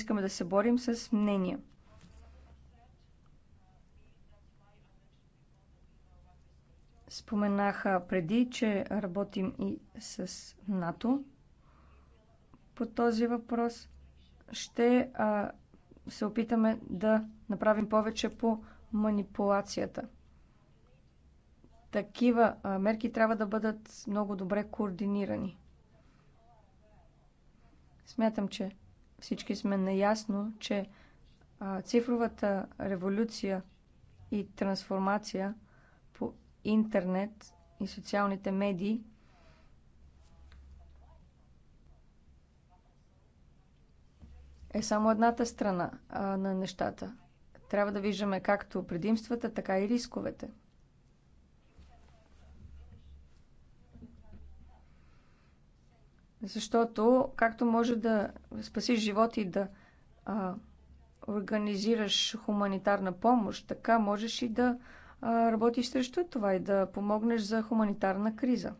искаме да се борим с мнения. Споменаха преди, че работим и с НАТО по този въпрос. Ще а, се опитаме да направим повече по манипулацията. Такива а, мерки трябва да бъдат много добре координирани. Смятам, че всички сме наясно, че цифровата революция и трансформация по интернет и социалните медии е само едната страна на нещата. Трябва да виждаме както предимствата, така и рисковете – Защото, както може да спасиш живот и да а, организираш хуманитарна помощ, така можеш и да а, работиш срещу това и да помогнеш за хуманитарна криза.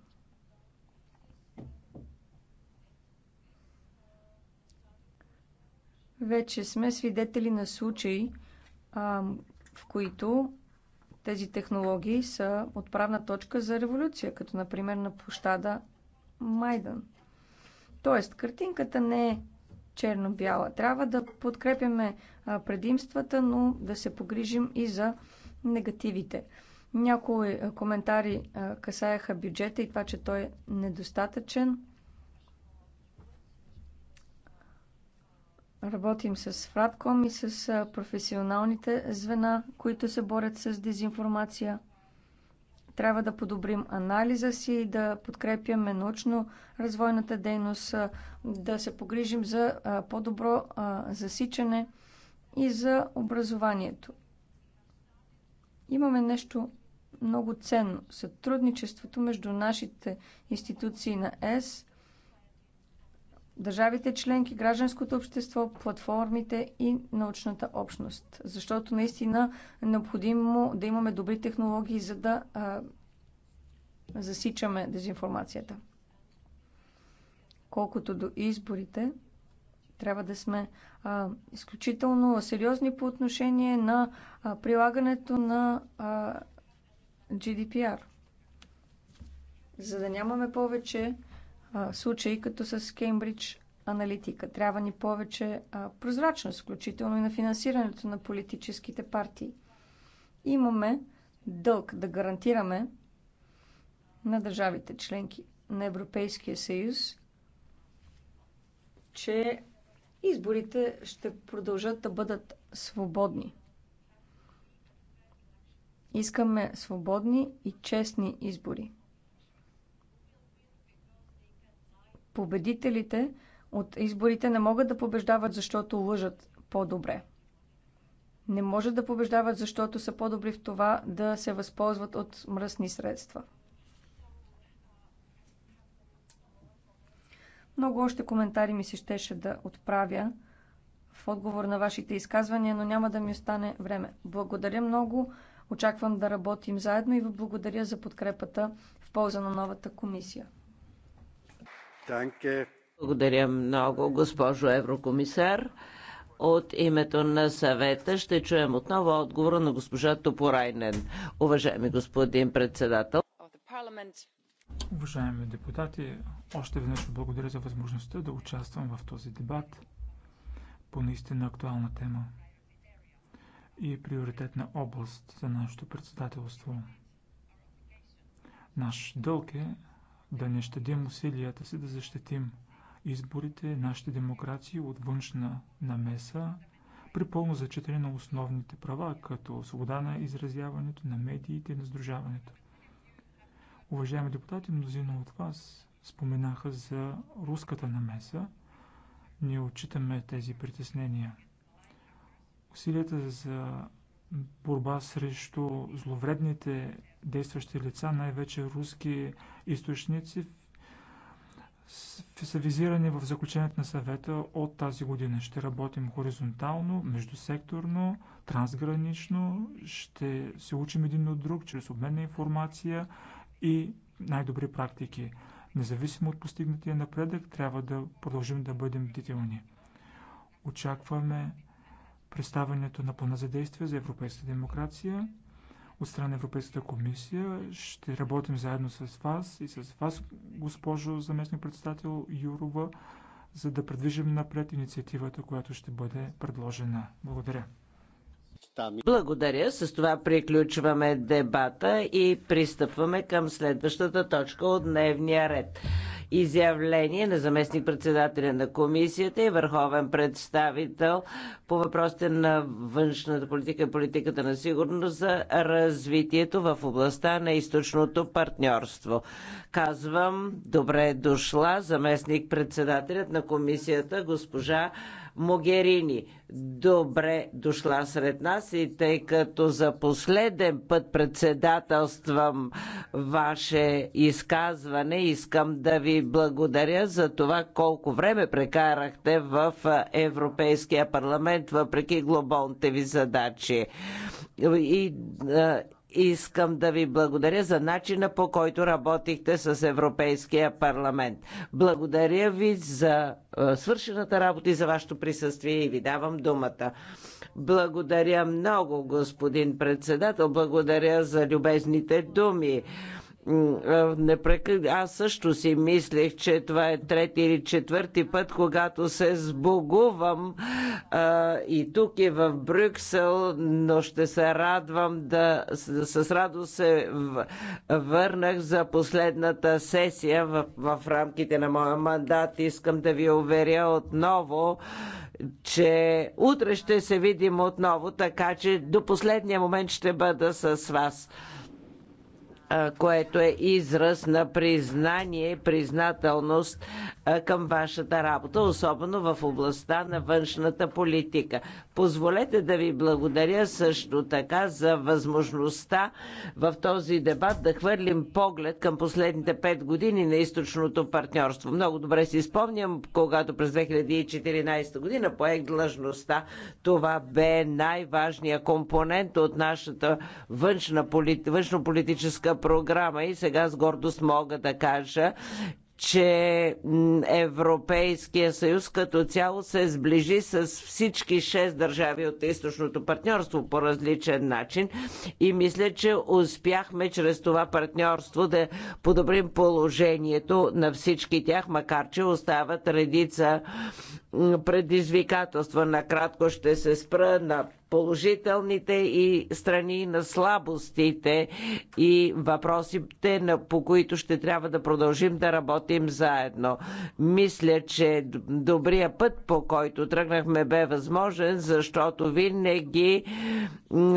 Вече сме свидетели на случаи, а, в които тези технологии са отправна точка за революция, като например на площада Майдан – Тоест, картинката не е черно-бяла. Трябва да подкрепяме предимствата, но да се погрижим и за негативите. Някои коментари касаяха бюджета и това, че той е недостатъчен. Работим с Фратком и с професионалните звена, които се борят с дезинформация – трябва да подобрим анализа си, да подкрепяме научно-развойната дейност, да се погрижим за по-добро засичане и за образованието. Имаме нещо много ценно сътрудничеството между нашите институции на ЕС държавите членки, гражданското общество, платформите и научната общност. Защото наистина е необходимо да имаме добри технологии, за да а, засичаме дезинформацията. Колкото до изборите, трябва да сме а, изключително сериозни по отношение на а, прилагането на а, GDPR. За да нямаме повече случаи като с Кембридж аналитика. Трябва ни повече прозрачност, включително и на финансирането на политическите партии. Имаме дълг да гарантираме на държавите членки на Европейския съюз, че изборите ще продължат да бъдат свободни. Искаме свободни и честни избори. Победителите от изборите не могат да побеждават, защото лъжат по-добре. Не може да побеждават, защото са по-добри в това да се възползват от мръсни средства. Много още коментари ми се щеше да отправя в отговор на вашите изказвания, но няма да ми остане време. Благодаря много. Очаквам да работим заедно и ви благодаря за подкрепата в полза на новата комисия. Благодаря много, госпожо еврокомисар. От името на съвета ще чуем отново отговора на госпожа Топорайнен. Уважаеми господин председател. Уважаеми депутати, още веднъж благодаря за възможността да участвам в този дебат по наистина актуална тема и е приоритетна област за нашето председателство. Наш дълг е да не щадим усилията си да защитим изборите, нашите демокрации от външна намеса при пълно зачитане на основните права, като свобода на изразяването, на медиите и на сдружаването. Уважаеми депутати, мнозина от вас споменаха за руската намеса. Ние отчитаме тези притеснения. Усилията за борба срещу зловредните действащи лица, най-вече руски източници, са визирани в заключението на съвета от тази година. Ще работим хоризонтално, междусекторно, трансгранично, ще се учим един от друг чрез обмен на информация и най-добри практики. Независимо от постигнатия напредък, трябва да продължим да бъдем бдителни. Очакваме представянето на плана за действие за европейска демокрация от страна на Европейската комисия. Ще работим заедно с вас и с вас, госпожо заместник-председател Юрова, за да предвижим напред инициативата, която ще бъде предложена. Благодаря. Благодаря. С това приключваме дебата и пристъпваме към следващата точка от дневния ред изявление на заместник-председателя на комисията и върховен представител по въпросите на външната политика и политиката на сигурност за развитието в областта на източното партньорство. Казвам, добре дошла заместник-председателят на комисията госпожа Могерини, добре дошла сред нас и тъй като за последен път председателствам ваше изказване, искам да ви благодаря за това колко време прекарахте в Европейския парламент, въпреки глобалните ви задачи. И, Искам да ви благодаря за начина по който работихте с Европейския парламент. Благодаря ви за е, свършената работа и за вашето присъствие и ви давам думата. Благодаря много, господин председател. Благодаря за любезните думи непрекъ... Аз също си мислех, че това е трети или четвърти път, когато се сбогувам а, и тук и е в Брюксел, но ще се радвам да с, с радост се върнах за последната сесия в, в рамките на моя мандат. Искам да ви уверя отново, че утре ще се видим отново, така че до последния момент ще бъда с вас което е израз на признание и признателност към вашата работа, особено в областта на външната политика. Позволете да ви благодаря също така за възможността в този дебат да хвърлим поглед към последните пет години на източното партньорство. Много добре си спомням, когато през 2014 година поех длъжността, това бе най-важният компонент от нашата външна, външно-политическа програма и сега с гордост мога да кажа, че Европейския съюз като цяло се сближи с всички шест държави от източното партньорство по различен начин и мисля, че успяхме чрез това партньорство да подобрим положението на всички тях, макар че остават редица предизвикателства. Накратко ще се спра на положителните и страни на слабостите и въпросите, по които ще трябва да продължим да работим заедно. Мисля, че добрия път, по който тръгнахме, бе възможен, защото винаги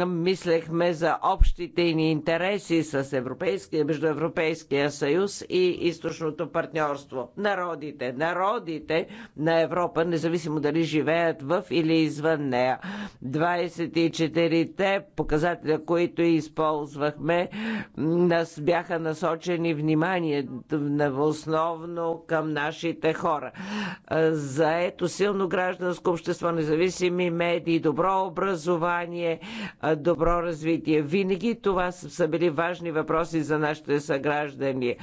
мислехме за общите ни интереси с Европейския, между Европейския съюз и източното партньорство. Народите, народите на Европа, независимо дали живеят в или извън нея. 24-те показателя, които използвахме, нас бяха насочени внимание основно към нашите хора. За ето силно гражданско общество, независими медии, добро образование, добро развитие. Винаги това са били важни въпроси за нашите съграждани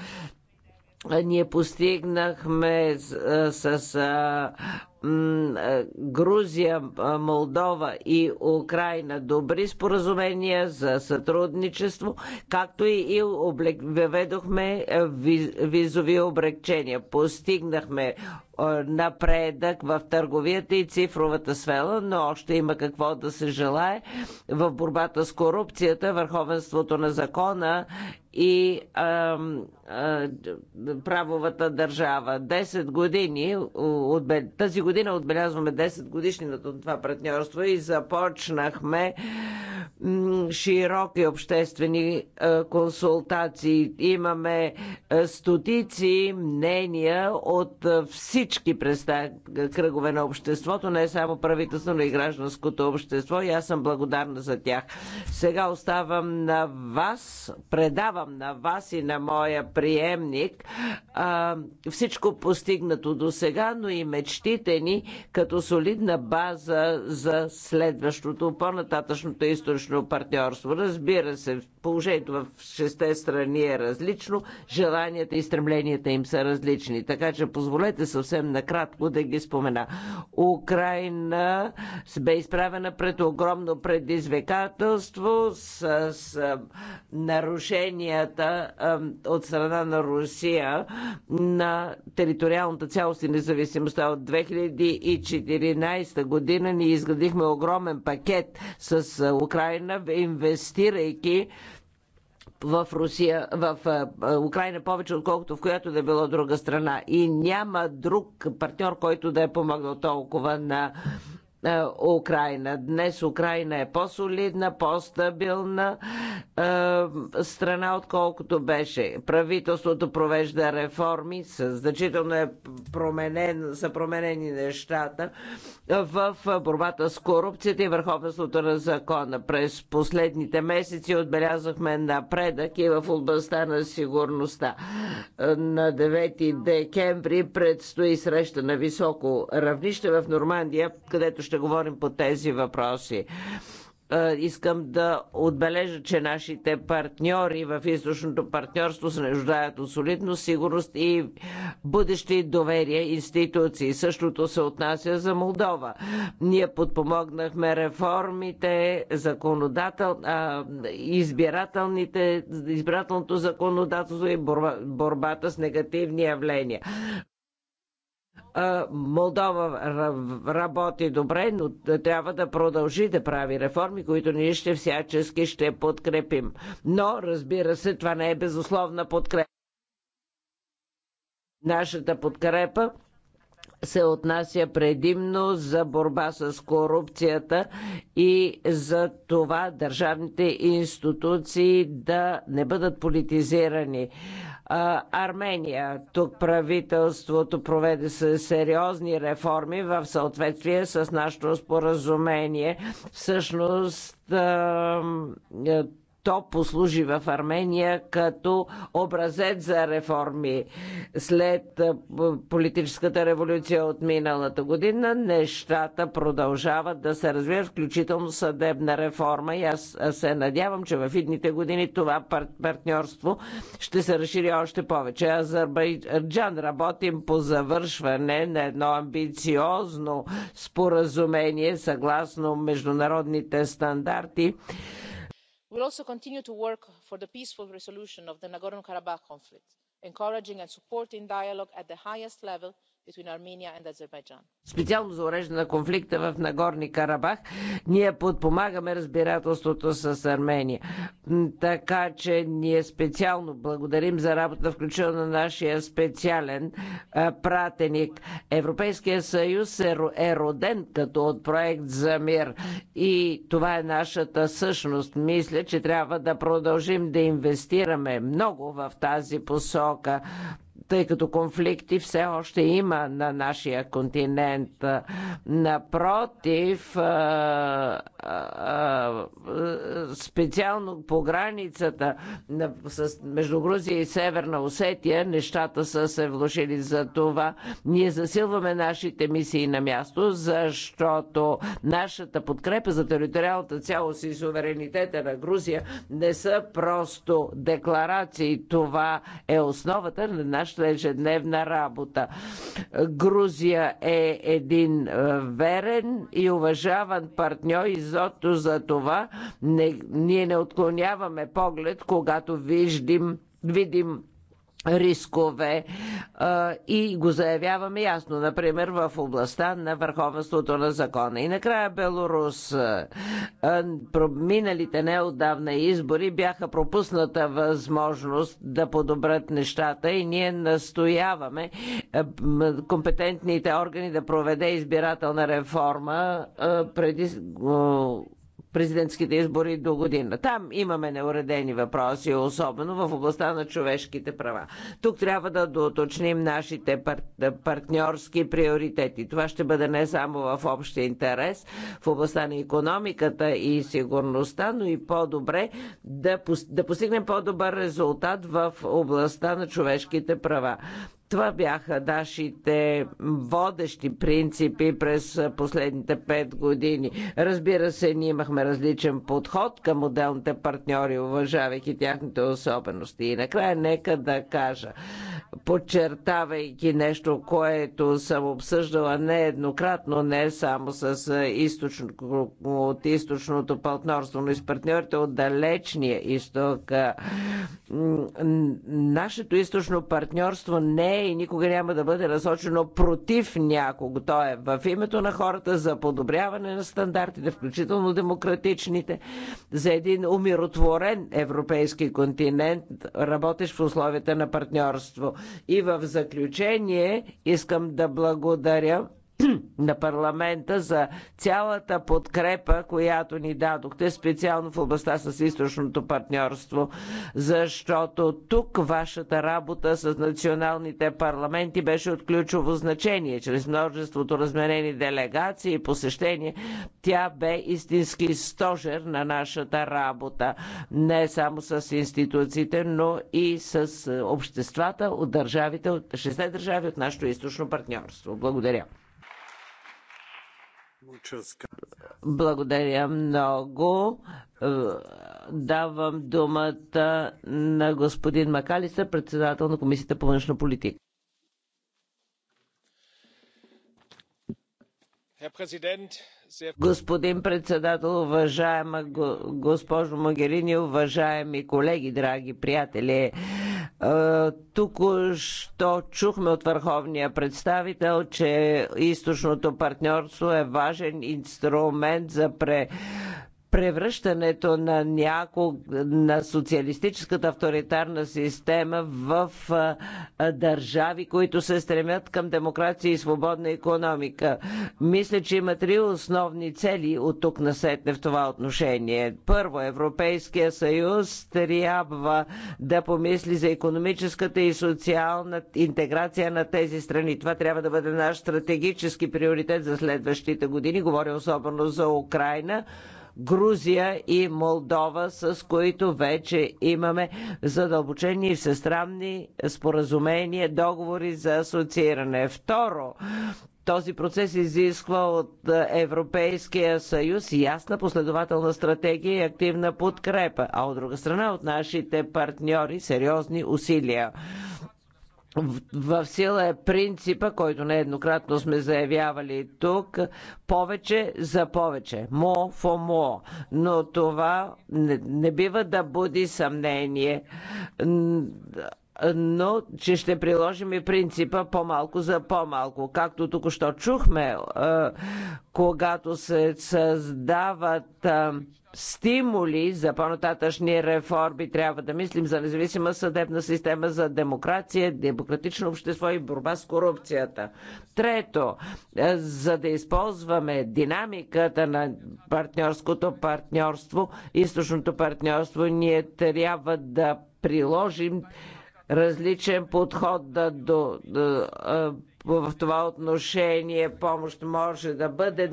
ние постигнахме с, с, с Грузия, Молдова и Украина добри споразумения за сътрудничество, както и и въведохме визови облегчения. Постигнахме е, напредък в търговията и цифровата сфера, но още има какво да се желае в борбата с корупцията, върховенството на закона и а, а, правовата държава. 10 години, тази година отбелязваме 10 годишнината от това партньорство и започнахме широки обществени консултации. Имаме стотици мнения от всички всички кръгове на обществото, не само правителство, но и гражданското общество и аз съм благодарна за тях. Сега оставам на вас, предавам на вас и на моя приемник а, всичко постигнато до сега, но и мечтите ни като солидна база за следващото, по-нататъчното източно партньорство. Разбира се, положението в шесте страни е различно, желанията и стремленията им са различни, така че позволете съвсем съвсем накратко да ги спомена. Украина бе изправена пред огромно предизвикателство с, с нарушенията от страна на Русия на териториалната цялост и независимостта от 2014 година. Ние изградихме огромен пакет с Украина, инвестирайки в Русия, в Украина повече, отколкото в която да е било друга страна. И няма друг партньор, който да е помогнал толкова на е, Украина. Днес Украина е по-солидна, по-стабилна е, страна, отколкото беше. Правителството провежда реформи, значително е променен, са променени нещата в борбата с корупцията и върховенството на закона. През последните месеци отбелязахме напредък и в областта на сигурността. На 9 декември предстои среща на високо равнище в Нормандия, където ще ще говорим по тези въпроси е, искам да отбележа, че нашите партньори в източното партньорство се нуждаят от солидно сигурност и бъдещи доверие институции. Същото се отнася за Молдова. Ние подпомогнахме реформите, законодател, а, избирателните, избирателното законодателство и борба, борбата с негативни явления. Молдова работи добре, но трябва да продължи да прави реформи, които ние ще всячески ще подкрепим. Но, разбира се, това не е безусловна подкрепа. Нашата подкрепа се отнася предимно за борба с корупцията и за това държавните институции да не бъдат политизирани. Армения. Тук правителството проведе сериозни реформи в съответствие с нашето споразумение. Всъщност е, то послужи в Армения като образец за реформи. След политическата революция от миналата година нещата продължават да се развиват, включително съдебна реформа и аз се надявам, че в идните години това партньорство ще се разшири още повече. Азербайджан работим по завършване на едно амбициозно споразумение съгласно международните стандарти we will also continue to work for the peaceful resolution of the nagornokarabakh conflict encouraging and supporting dialogue at the highest level Специално за уреждане на конфликта в Нагорни Карабах, ние подпомагаме разбирателството с Армения. Така че ние специално благодарим за работа, включително на нашия специален пратеник. Европейския съюз е, е роден като от проект за мир и това е нашата същност. Мисля, че трябва да продължим да инвестираме много в тази посока тъй като конфликти все още има на нашия континент. Напротив, специално по границата между Грузия и Северна Осетия, нещата са се влушили за това. Ние засилваме нашите мисии на място, защото нашата подкрепа за териториалната цялост и суверенитета на Грузия не са просто декларации. Това е основата на нашата ежедневна работа. Грузия е един верен и уважаван партньор и защото за това не, ние не отклоняваме поглед, когато виждим, видим рискове и го заявяваме ясно, например в областта на върховенството на закона. И накрая Белорус. Миналите неотдавна избори бяха пропусната възможност да подобрат нещата и ние настояваме компетентните органи да проведе избирателна реформа преди президентските избори до година. Там имаме неуредени въпроси, особено в областта на човешките права. Тук трябва да доточним нашите пар... партньорски приоритети. Това ще бъде не само в общия интерес, в областта на економиката и сигурността, но и по-добре да, пос... да постигнем по-добър резултат в областта на човешките права. Това бяха нашите водещи принципи през последните пет години. Разбира се, ние имахме различен подход към отделните партньори, уважавайки тяхните особености. И накрая нека да кажа, подчертавайки нещо, което съм обсъждала нееднократно, не само с източно, от източното партньорство, но и с партньорите от далечния изток. Нашето източно партньорство не е и никога няма да бъде насочено против някого. То е в името на хората за подобряване на стандартите, включително демократичните, за един умиротворен европейски континент, работещ в условията на партньорство. И в заключение искам да благодаря на парламента за цялата подкрепа, която ни дадохте, специално в областта с източното партньорство, защото тук вашата работа с националните парламенти беше от ключово значение. Чрез множеството разменени делегации и посещения, тя бе истински стожер на нашата работа. Не само с институциите, но и с обществата от държавите, от 6 държави от нашето източно партньорство. Благодаря. Благодаря много. Давам думата на господин Макалиса, председател на Комисията по външна политика. Herr Präsident, Господин председател, уважаема госпожо Магерини, уважаеми колеги, драги приятели, е, тук що чухме от върховния представител, че източното партньорство е важен инструмент за пре превръщането на няко на социалистическата авторитарна система в държави, които се стремят към демокрация и свободна економика. Мисля, че има три основни цели от тук насетне в това отношение. Първо, Европейския съюз трябва да помисли за економическата и социална интеграция на тези страни. Това трябва да бъде наш стратегически приоритет за следващите години. Говоря особено за Украина Грузия и Молдова, с които вече имаме задълбочени и всестранни споразумения, договори за асоцииране. Второ, този процес изисква от Европейския съюз ясна последователна стратегия и активна подкрепа, а от друга страна от нашите партньори сериозни усилия в сила е принципа, който нееднократно сме заявявали тук, повече за повече, мо фо мо. Но това не, не бива да буди съмнение но че ще приложим и принципа по-малко за по-малко. Както тук що чухме, когато се създават стимули за по-нататъчни реформи. Трябва да мислим за независима съдебна система, за демокрация, демократично общество и борба с корупцията. Трето, е, за да използваме динамиката на партньорското партньорство, източното партньорство, ние трябва да приложим различен подход да, до, да, е, в това отношение помощ може да бъде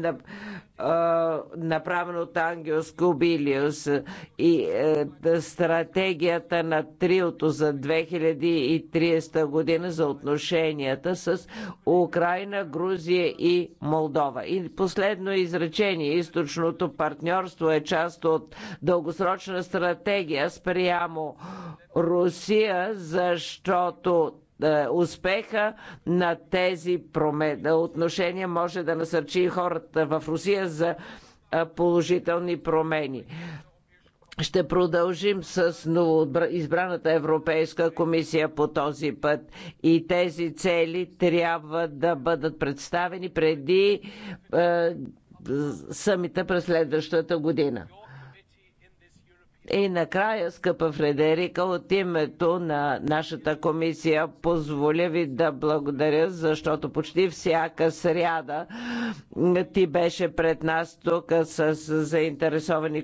направено от Ангелс Скобилиус и е, стратегията на триото за 2030 година за отношенията с Украина, Грузия и Молдова. И последно изречение. Източното партньорство е част от дългосрочна стратегия спрямо Русия, защото е, успеха на тези промени отношения може да насърчи хората в Русия за е, положителни промени. Ще продължим с новоизбраната Европейска комисия по този път и тези цели трябва да бъдат представени преди е, самите през следващата година. И накрая, скъпа Фредерика, от името на нашата комисия позволя ви да благодаря, защото почти всяка сряда ти беше пред нас тук с заинтересовани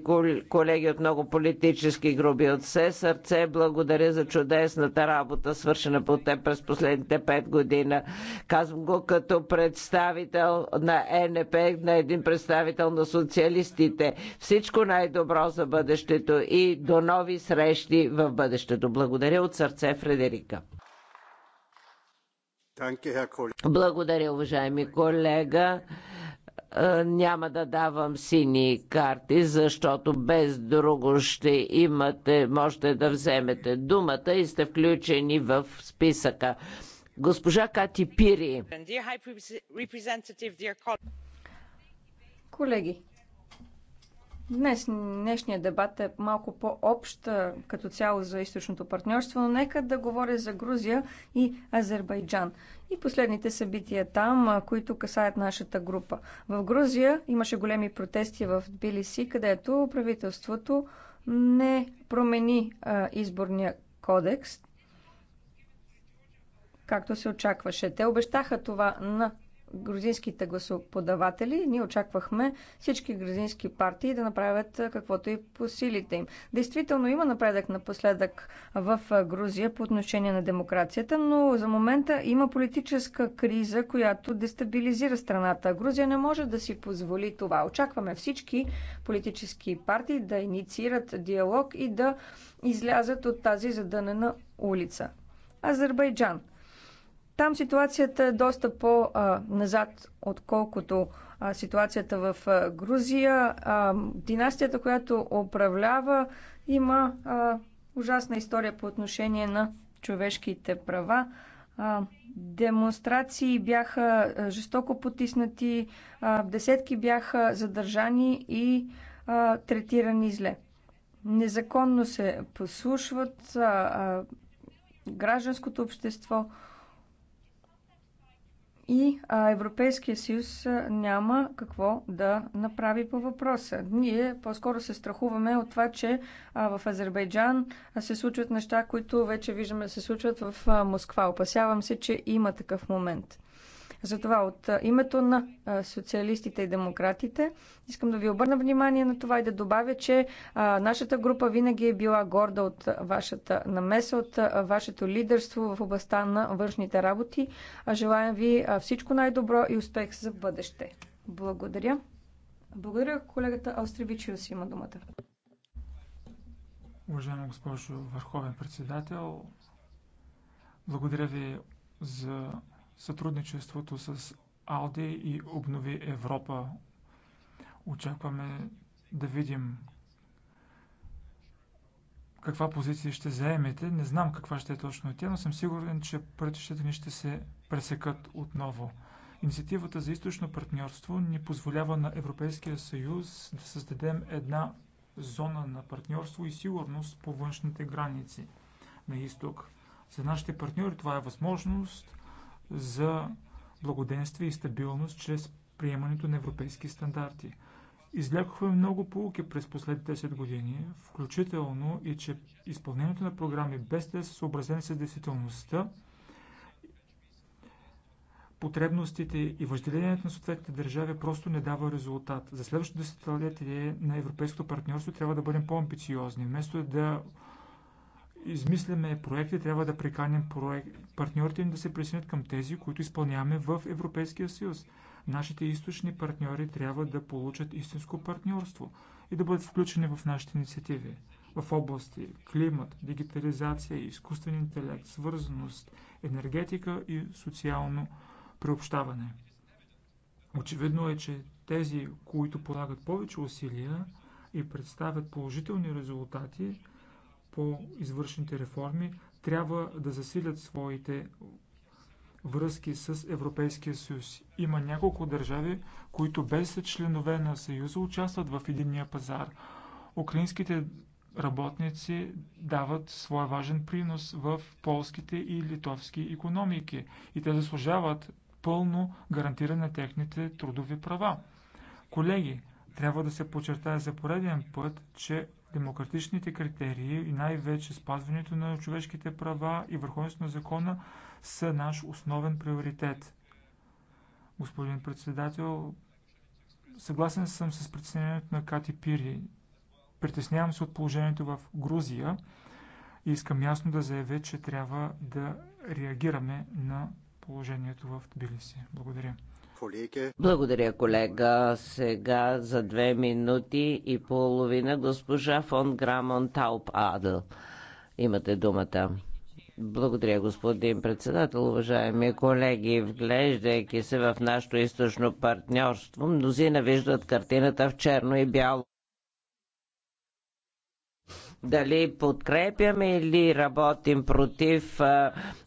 колеги от много политически групи. От все сърце благодаря за чудесната работа, свършена по теб през последните пет година. Казвам го като представител на ЕНП, на един представител на социалистите. Всичко най-добро за бъдещето и до нови срещи в бъдещето. Благодаря от сърце, Фредерика. Благодаря, уважаеми колега е, няма да давам сини карти, защото без друго ще имате, можете да вземете думата и сте включени в списъка. Госпожа Кати Пири. Колеги, Днес днешният дебат е малко по-общ като цяло за източното партньорство, но нека да говоря за Грузия и Азербайджан и последните събития там, които касаят нашата група. В Грузия имаше големи протести в Тбилиси, където правителството не промени а, изборния кодекс, както се очакваше. Те обещаха това на грузинските гласоподаватели. Ние очаквахме всички грузински партии да направят каквото и по силите им. Действително има напредък напоследък в Грузия по отношение на демокрацията, но за момента има политическа криза, която дестабилизира страната. Грузия не може да си позволи това. Очакваме всички политически партии да инициират диалог и да излязат от тази задънена улица. Азербайджан – там ситуацията е доста по-назад, отколкото ситуацията в Грузия. Династията, която управлява, има ужасна история по отношение на човешките права. Демонстрации бяха жестоко потиснати, десетки бяха задържани и третирани зле. Незаконно се послушват гражданското общество и а, Европейския съюз няма какво да направи по въпроса. Ние по-скоро се страхуваме от това, че а, в Азербайджан се случват неща, които вече виждаме се случват в а, Москва. Опасявам се, че има такъв момент. Затова от името на социалистите и демократите искам да ви обърна внимание на това и да добавя, че нашата група винаги е била горда от вашата намеса, от вашето лидерство в областта на външните работи. Желаем ви всичко най-добро и успех за бъдеще. Благодаря. Благодаря, колегата Остревичиус има думата. Уважаема госпожо Върховен председател, благодаря ви за сътрудничеството с Алде и Обнови Европа. Очакваме да видим каква позиция ще заемете. Не знам каква ще е точно тя, но съм сигурен, че пътищата ни ще се пресекат отново. Инициативата за източно партньорство ни позволява на Европейския съюз да създадем една зона на партньорство и сигурност по външните граници на изток. За нашите партньори това е възможност за благоденствие и стабилност чрез приемането на европейски стандарти. Излякохме много полуки през последните 10 години, включително и че изпълнението на програми без да са съобразени с действителността, потребностите и въжделението на съответните държави просто не дава резултат. За следващото десетилетие на европейското партньорство трябва да бъдем по-амбициозни, вместо да измисляме проекти, трябва да приканим проект... партньорите ни да се присъединят към тези, които изпълняваме в Европейския съюз. Нашите източни партньори трябва да получат истинско партньорство и да бъдат включени в нашите инициативи в области климат, дигитализация, изкуствен интелект, свързаност, енергетика и социално приобщаване. Очевидно е, че тези, които полагат повече усилия и представят положителни резултати, по извършените реформи трябва да засилят своите връзки с Европейския съюз. Има няколко държави, които без членове на Съюза участват в единния пазар. Украинските работници дават своя важен принос в полските и литовски економики и те заслужават пълно гарантиране на техните трудови права. Колеги, трябва да се подчертая за пореден път, че демократичните критерии и най-вече спазването на човешките права и върховенството на закона са наш основен приоритет. Господин председател, съгласен съм с притеснението на Кати Пири. Притеснявам се от положението в Грузия и искам ясно да заявя, че трябва да реагираме на положението в Тбилиси. Благодаря. Благодаря, колега. Сега за две минути и половина госпожа фон Грамон Тауп Адл. Имате думата. Благодаря, господин председател. Уважаеми колеги, вглеждайки се в нашето източно партньорство, мнозина виждат картината в черно и бяло. Дали подкрепяме или работим против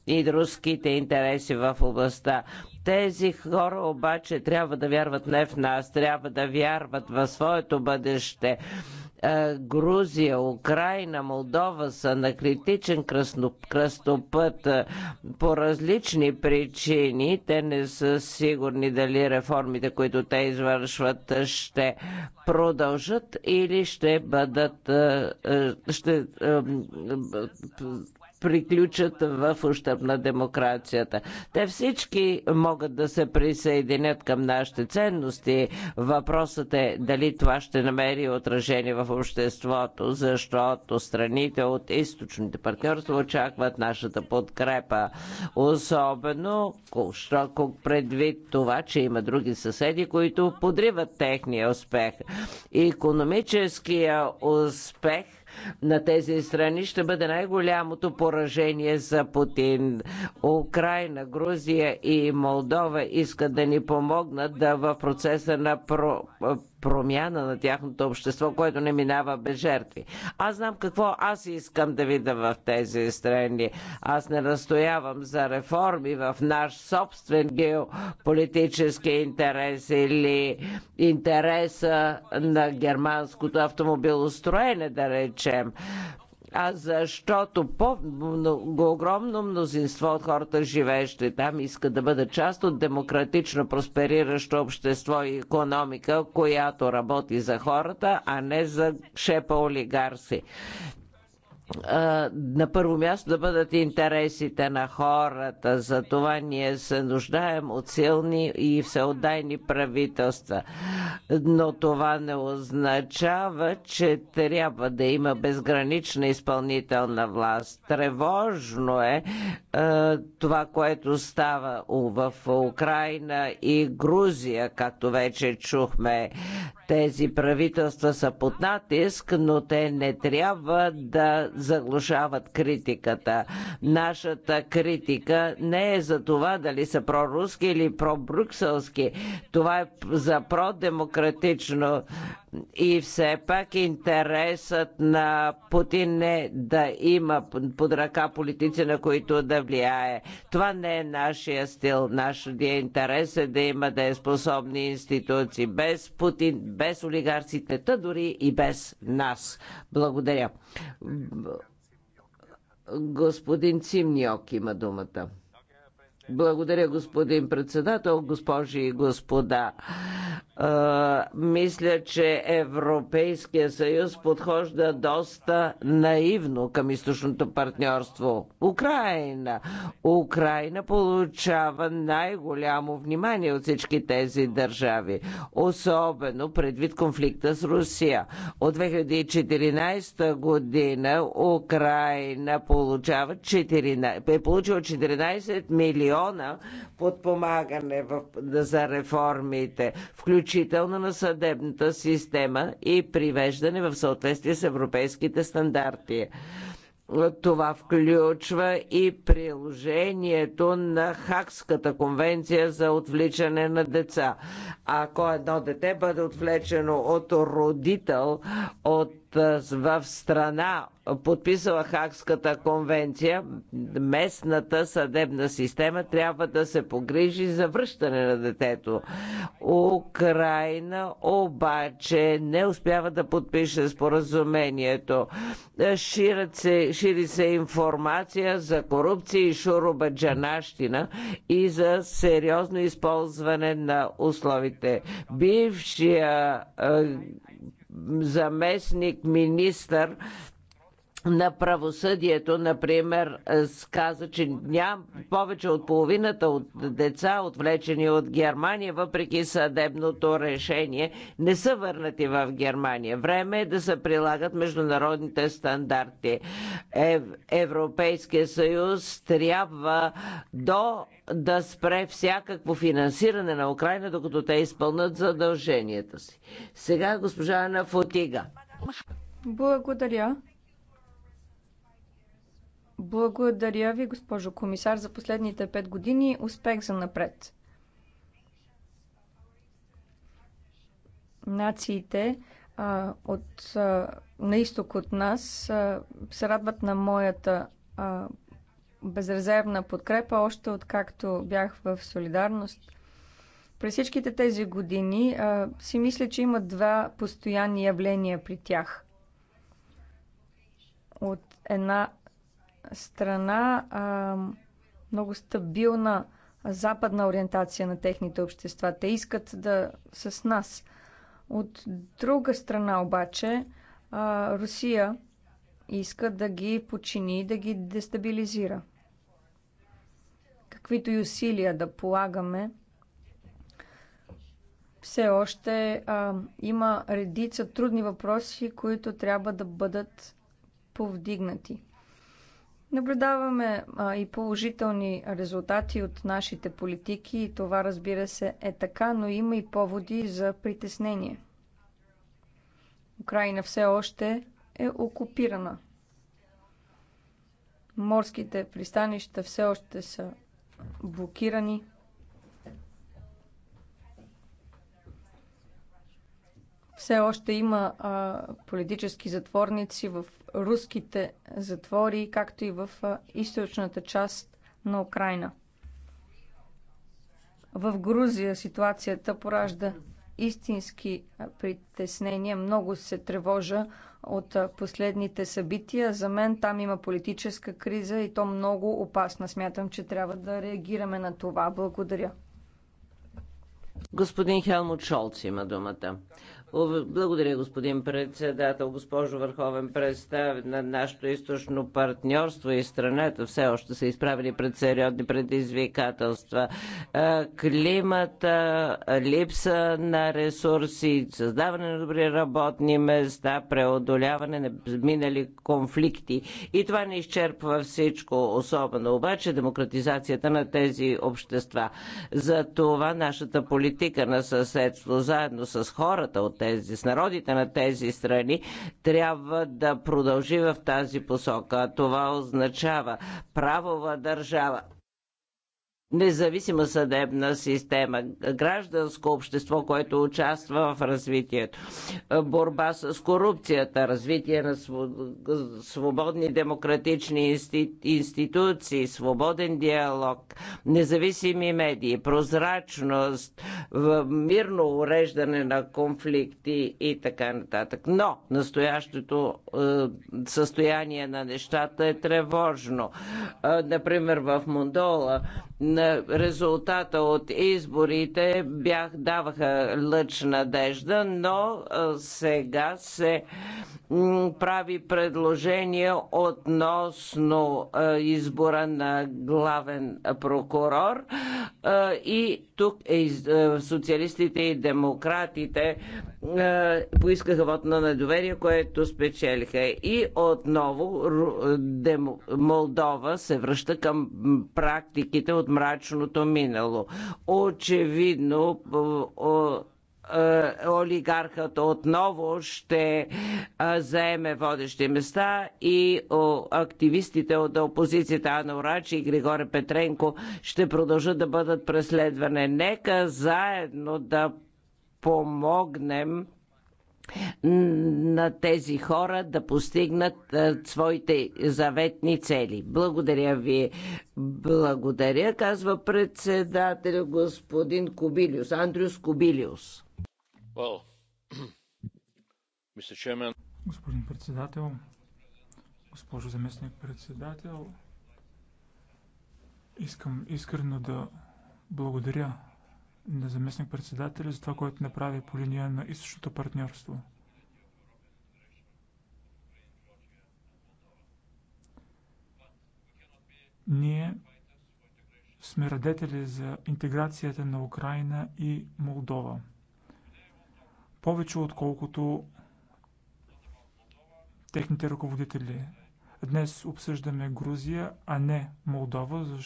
и руските интереси в областта. Тези хора обаче трябва да вярват не в нас, трябва да вярват в своето бъдеще. Е, Грузия, Украина, Молдова са на критичен кръстопът е, по различни причини. Те не са сигурни дали реформите, които те извършват, ще продължат или ще бъдат е, ще приключат в ущърб на демокрацията. Те всички могат да се присъединят към нашите ценности. Въпросът е дали това ще намери отражение в обществото, защото страните от източните партньорства очакват нашата подкрепа. Особено, щоко предвид това, че има други съседи, които подриват техния успех. Икономическия успех на тези страни ще бъде най-голямото поражение за Путин. Украина, Грузия и Молдова искат да ни помогнат да в процеса на про промяна на тяхното общество, което не минава без жертви. Аз знам какво аз искам да видя в тези страни. Аз не настоявам за реформи в наш собствен геополитически интерес или интереса на германското автомобилостроене, да речем а защото по огромно мнозинство от хората, живеещи там, искат да бъдат част от демократично проспериращо общество и економика, която работи за хората, а не за шепа олигарси на първо място да бъдат интересите на хората. За това ние се нуждаем от силни и всеотдайни правителства. Но това не означава, че трябва да има безгранична изпълнителна власт. Тревожно е, това, което става в Украина и Грузия, както вече чухме. Тези правителства са под натиск, но те не трябва да заглушават критиката. Нашата критика не е за това дали са проруски или пробрюкселски. Това е за продемократично и все пак интересът на Путин е да има под ръка политици, на които да влияе. Това не е нашия стил. Нашия интерес е да има да е способни институции. Без Путин, без олигарците, та дори и без нас. Благодаря. Господин Цимниок има думата. Благодаря, господин председател, госпожи и господа. А, мисля, че Европейския съюз подхожда доста наивно към източното партньорство. Украина. Украина получава най-голямо внимание от всички тези държави. Особено предвид конфликта с Русия. От 2014 година Украина получава 14, е получила 14 милиона милиона подпомагане в, за реформите, включително на съдебната система и привеждане в съответствие с европейските стандарти. Това включва и приложението на Хакската конвенция за отвличане на деца. Ако едно дете бъде отвлечено от родител, от в страна, подписала Хакската конвенция, местната съдебна система трябва да се погрижи за връщане на детето. Украина обаче не успява да подпише споразумението. се, шири се информация за корупция и шурубаджанащина и за сериозно използване на условите. Бившия заместник министър на правосъдието, например, е, каза, че няма повече от половината от деца, отвлечени от Германия, въпреки съдебното решение, не са върнати в Германия. Време е да се прилагат международните стандарти. Ев, Европейския съюз трябва до да спре всякакво финансиране на Украина, докато те изпълнат задълженията си. Сега госпожа Ана Фотига. Благодаря. Благодаря ви, госпожо комисар, за последните пет години. Успех за напред! Нациите а, от, а, на изток от нас а, се радват на моята а, безрезервна подкрепа, още откакто бях в Солидарност. През всичките тези години а, си мисля, че има два постоянни явления при тях. От една страна а, много стабилна западна ориентация на техните общества. Те искат да с нас. От друга страна обаче, а, Русия иска да ги почини и да ги дестабилизира. Каквито и усилия да полагаме, все още а, има редица трудни въпроси, които трябва да бъдат повдигнати. Наблюдаваме а, и положителни резултати от нашите политики и това разбира се е така, но има и поводи за притеснение. Украина все още е окупирана. Морските пристанища все още са блокирани. Все още има а, политически затворници в руските затвори, както и в а, източната част на Украина. В Грузия ситуацията поражда истински притеснения. Много се тревожа от последните събития. За мен там има политическа криза и то много опасна. Смятам, че трябва да реагираме на това. Благодаря. Господин Хелмут Шолц има думата. Благодаря, господин председател, госпожо Върховен представ на нашето източно партньорство и страната все още са изправили пред сериозни предизвикателства. Климата, липса на ресурси, създаване на добри работни места, преодоляване на минали конфликти. И това не изчерпва всичко, особено обаче демократизацията на тези общества. За това нашата политика на съседство, заедно с хората от тези тези, с народите на тези страни, трябва да продължи в тази посока. Това означава правова държава, независима съдебна система, гражданско общество, което участва в развитието, борба с корупцията, развитие на свободни демократични институции, свободен диалог, независими медии, прозрачност, мирно уреждане на конфликти и така нататък. Но настоящото е, състояние на нещата е тревожно. Е, например, в Мондола резултата от изборите бях даваха лъч надежда, но сега се прави предложение относно избора на главен прокурор и тук е, социалистите и демократите поискаха вод на недоверие, което спечелиха. И отново Молдова се връща към практиките от мрак мрачното минало. Очевидно, е, олигархът отново ще е, заеме водещи места и активистите от опозицията Ана Урач и Григоре Петренко ще продължат да бъдат преследване. Нека заедно да помогнем на тези хора да постигнат своите заветни цели. Благодаря ви. Благодаря, казва председателя господин Кобилиус, Андрюс Кобилиус. Well, Господин председател, госпожо заместник председател, искам искрено да благодаря на заместник председателя за това, което направи по линия на източното партньорство. Ние сме радетели за интеграцията на Украина и Молдова. Повече отколкото техните ръководители. Днес обсъждаме Грузия, а не Молдова.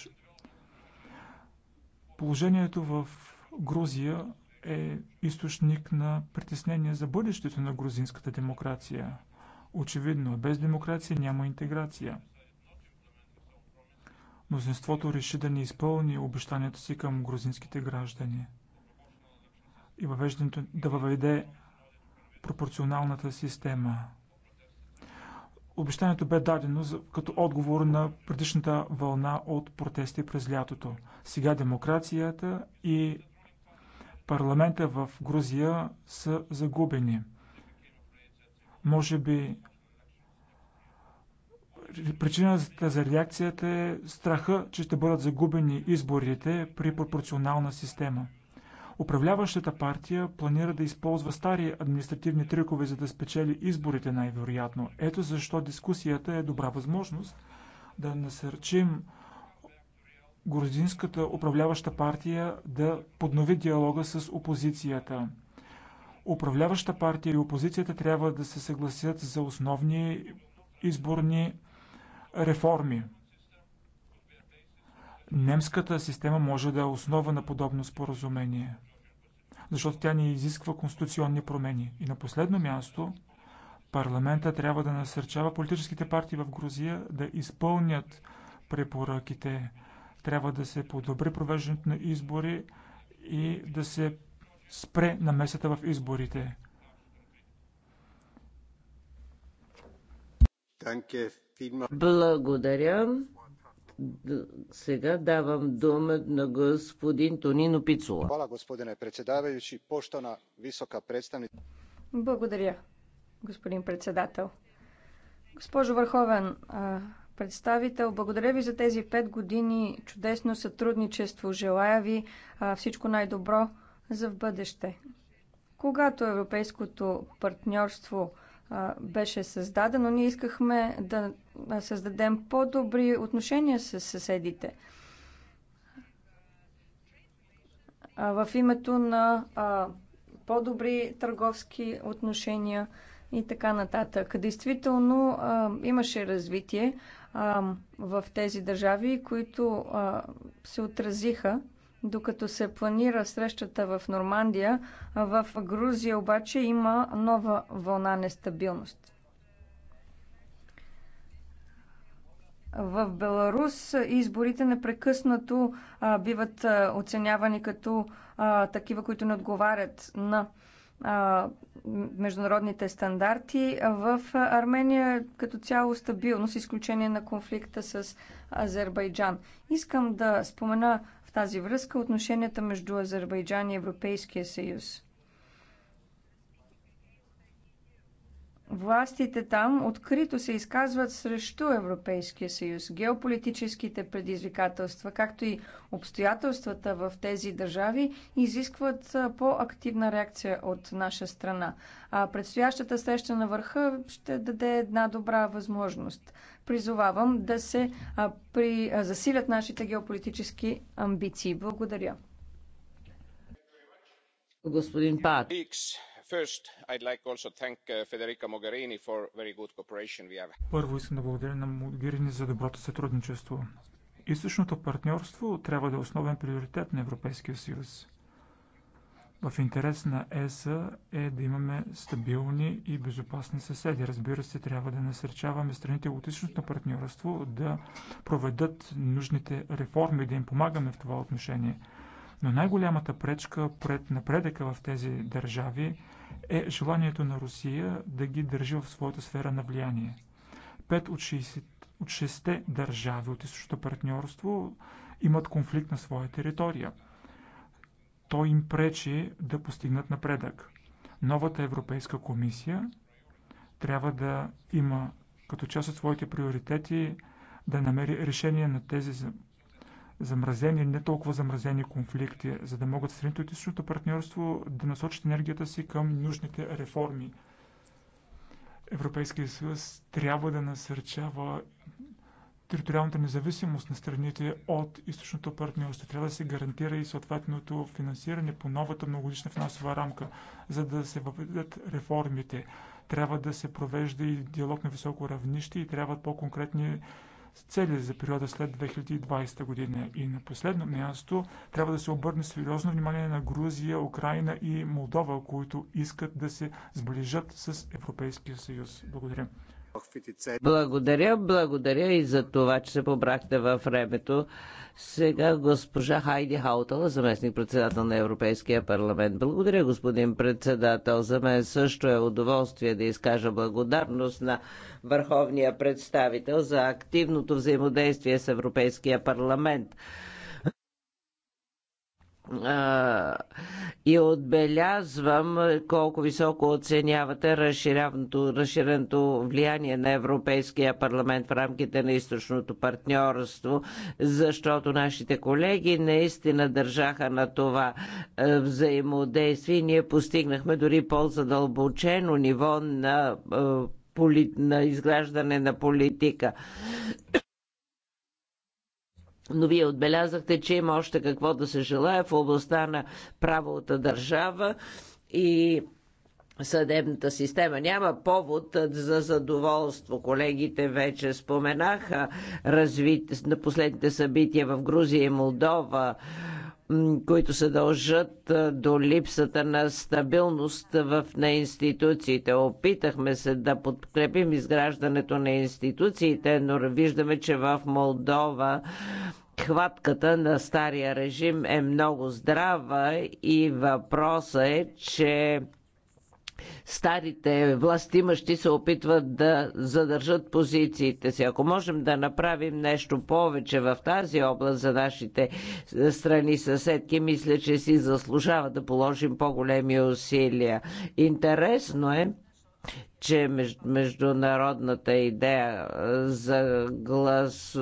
Положението в Грузия е източник на притеснение за бъдещето на грузинската демокрация. Очевидно, без демокрация няма интеграция. Мнозинството реши да не изпълни обещанието си към грузинските граждани и въвеждането, да въведе пропорционалната система. Обещанието бе дадено като отговор на предишната вълна от протести през лятото. Сега демокрацията и парламента в Грузия са загубени. Може би причината за реакцията е страха, че ще бъдат загубени изборите при пропорционална система. Управляващата партия планира да използва стари административни трикове, за да спечели изборите най-вероятно. Ето защо дискусията е добра възможност да насърчим грузинската управляваща партия да поднови диалога с опозицията. Управляваща партия и опозицията трябва да се съгласят за основни изборни реформи. Немската система може да е основа на подобно споразумение, защото тя не изисква конституционни промени. И на последно място, парламента трябва да насърчава политическите партии в Грузия да изпълнят препоръките трябва да се подобри провеждането на избори и да се спре намесата в изборите. Благодаря. Сега давам дума на господин Тонино Пицула. Хвала, господине председавајучи, поштана висока представница. Благодаря, господин председател. Госпожо Върховен представител, благодаря ви за тези пет години чудесно сътрудничество. Желая ви а, всичко най-добро за в бъдеще. Когато европейското партньорство а, беше създадено, ние искахме да създадем по-добри отношения с съседите. А, в името на по-добри търговски отношения и така нататък. Действително а, имаше развитие, в тези държави, които се отразиха докато се планира срещата в Нормандия, в Грузия обаче има нова вълна нестабилност. В Беларус изборите непрекъснато биват оценявани като такива, които не отговарят на международните стандарти. В Армения като цяло стабилно, с изключение на конфликта с Азербайджан. Искам да спомена в тази връзка отношенията между Азербайджан и Европейския съюз. Властите там открито се изказват срещу Европейския съюз. Геополитическите предизвикателства, както и обстоятелствата в тези държави, изискват по-активна реакция от наша страна. А предстоящата среща на върха ще даде една добра възможност. Призовавам да се а, при, а, засилят нашите геополитически амбиции. Благодаря. Господин Пат. First, I'd like also thank uh, Federica Mogherini for very good cooperation we have. Първо искам да благодаря на Могерини за доброто сътрудничество. Източното партньорство трябва да е основен приоритет на Европейския съюз. В интерес на ЕС е да имаме стабилни и безопасни съседи. Разбира се, трябва да насърчаваме страните от източното партньорство да проведат нужните реформи, да им помагаме в това отношение. Но най-голямата пречка пред напредъка в тези държави е желанието на Русия да ги държи в своята сфера на влияние. Пет от, шесте държави от източното партньорство имат конфликт на своя територия. Той им пречи да постигнат напредък. Новата Европейска комисия трябва да има като част от своите приоритети да намери решение на тези замразени, не толкова замразени конфликти, за да могат страните от източното партньорство да насочат енергията си към нужните реформи. Европейския съюз трябва да насърчава териториалната независимост на страните от източното партньорство. Трябва да се гарантира и съответното финансиране по новата многогодишна финансова рамка, за да се въведат реформите. Трябва да се провежда и диалог на високо равнище и трябват по-конкретни с цели за периода след 2020 година. И на последно място трябва да се обърне сериозно внимание на Грузия, Украина и Молдова, които искат да се сближат с Европейския съюз. Благодаря. Благодаря, благодаря и за това, че се побрахте във времето. Сега госпожа Хайди Хаутала, заместник председател на Европейския парламент. Благодаря, господин председател. За мен също е удоволствие да изкажа благодарност на върховния представител за активното взаимодействие с Европейския парламент и отбелязвам е, колко високо оценявате разширеното, влияние на Европейския парламент в рамките на източното партньорство, защото нашите колеги наистина държаха на това е, взаимодействие и ние постигнахме дори по-задълбочено ниво на, е, на изграждане на политика но вие отбелязахте, че има още какво да се желая в областта на правовата държава и съдебната система. Няма повод за задоволство. Колегите вече споменаха развит... на последните събития в Грузия и Молдова които се дължат до липсата на стабилност в, на институциите. Опитахме се да подкрепим изграждането на институциите, но виждаме, че в Молдова хватката на стария режим е много здрава и въпросът е, че старите властимащи се опитват да задържат позициите си. Ако можем да направим нещо повече в тази област за нашите е, страни съседки, мисля, че си заслужава да положим по-големи усилия. Интересно е, че международната идея за глас,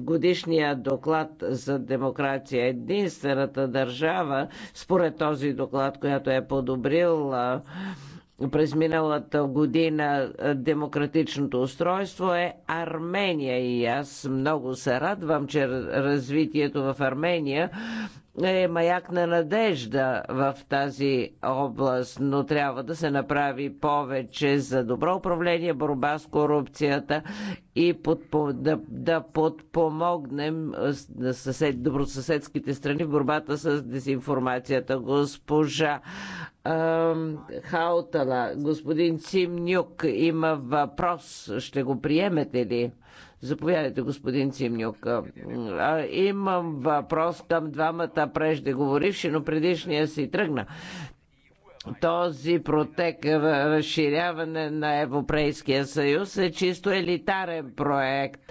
годишния доклад за демокрация е единствената държава, според този доклад, която е подобрила през миналата година демократичното устройство е Армения и аз много се радвам, че развитието в Армения е маяк на надежда в тази област, но трябва да се направи повече за добро управление, борба с корупцията и подпо, да, да подпомогнем на съсед, добросъседските страни в борбата с дезинформацията. Госпожа е, Хаутала, господин Цимнюк има въпрос. Ще го приемете ли? Заповядайте, господин Цимнюк. Имам въпрос към двамата преждеговоривши, но предишния си тръгна този протек е, разширяване на Европейския съюз е чисто елитарен проект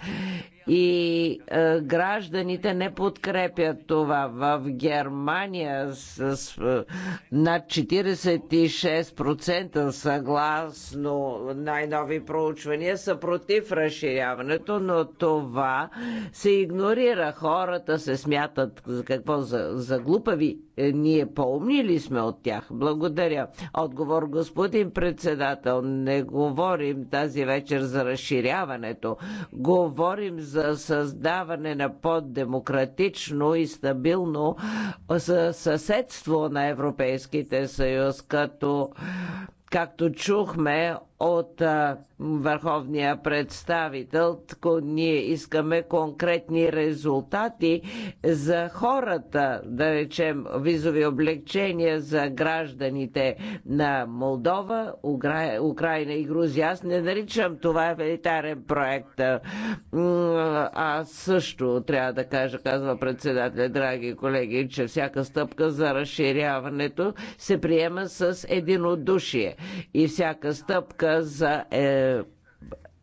и е, гражданите не подкрепят това. В Германия с, с е, над 46% съгласно най-нови проучвания са против разширяването, но това се игнорира. Хората се смятат какво за, за глупави. Е, ние по-умни ли сме от тях? Благодаря. Отговор, господин председател, не говорим тази вечер за разширяването. Говорим за за създаване на по-демократично и стабилно съседство на Европейските съюз, като както чухме от а, върховния представител. Ние искаме конкретни резултати за хората, да речем визови облегчения за гражданите на Молдова, Укра... Украина и Грузия. Аз не наричам това елитарен проект. Аз също трябва да кажа, казва председателя, драги колеги, че всяка стъпка за разширяването се приема с единодушие. И всяка стъпка за е, е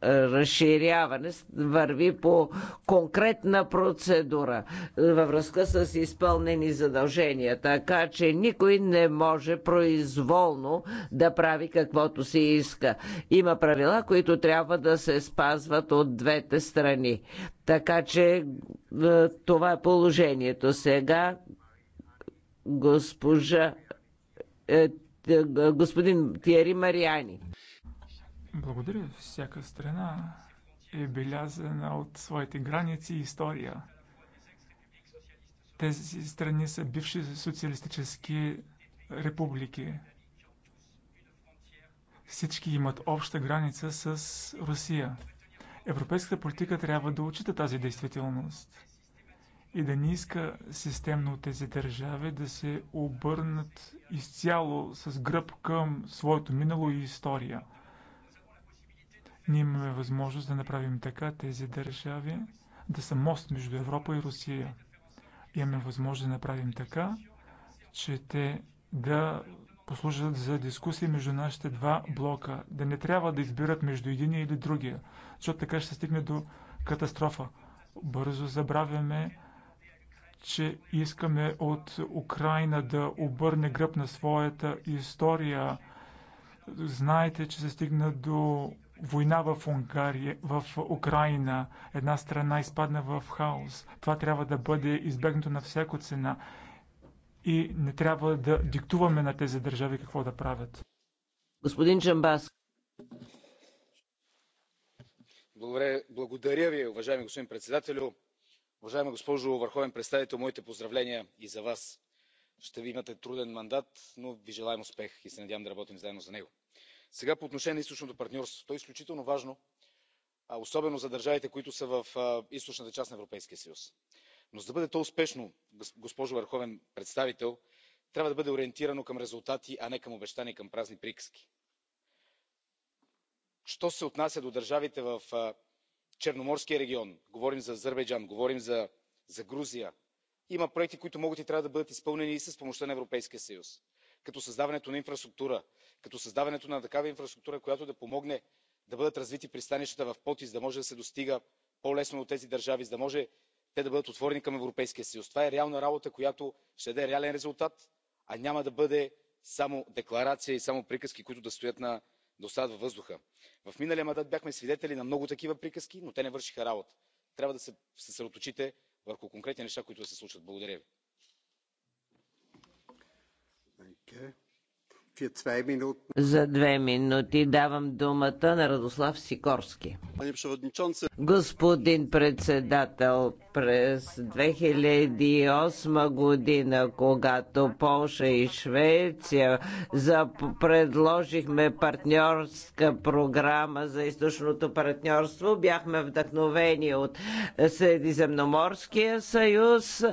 разширяване върви по конкретна процедура е, във връзка с изпълнени задължения, така че никой не може произволно да прави каквото си иска. Има правила, които трябва да се спазват от двете страни. Така че е, това е положението. Сега госпожа господин Тиери Мариани. Благодаря. Всяка страна е белязана от своите граници и история. Тези страни са бивши социалистически републики. Всички имат обща граница с Русия. Европейската политика трябва да учита тази действителност и да не иска системно тези държави да се обърнат изцяло с гръб към своето минало и история – ние имаме възможност да направим така тези държави да са мост между Европа и Русия. Имаме възможност да направим така, че те да послужат за дискусии между нашите два блока. Да не трябва да избират между един или другия, защото така ще стигне до катастрофа. Бързо забравяме, че искаме от Украина да обърне гръб на своята история. Знаете, че се стигна до война в Унгария, в Украина. Една страна изпадна в хаос. Това трябва да бъде избегнато на всяко цена. И не трябва да диктуваме на тези държави какво да правят. Господин Джамбас. Благодаря, благодаря ви, уважаеми господин председателю. Уважаема госпожо върховен представител, моите поздравления и за вас. Ще ви имате труден мандат, но ви желаем успех и се надявам да работим заедно за него сега по отношение на източното партньорство. то е изключително важно особено за държавите които са в източната част на европейския съюз. но за да бъде то успешно госпожо върховен представител трябва да бъде ориентирано към резултати а не към обещания и към празни приказки. що се отнася до държавите в черноморския регион говорим за азербайджан говорим за грузия има проекти които могат и трябва да бъдат изпълнени и с помощта на европейския съюз като създаването на инфраструктура като създаването на такава инфраструктура която да помогне да бъдат развити пристанищата в потис, за да може да се достига по лесно до тези държави за да може те да бъдат отворени към европейския съюз. това е реална работа която ще даде реален резултат а няма да бъде само декларация и само приказки които да остават във въздуха. в миналия мандат бяхме свидетели на много такива приказки но те не вършеха работа. трябва да се съсредоточите върху конкретни неща които да се случат. благодаря ви. Okay. За две минути давам думата на Радослав Сикорски. Господин председател, през 2008 година, когато Полша и Швеция предложихме партньорска програма за източното партньорство, бяхме вдъхновени от Средиземноморския съюз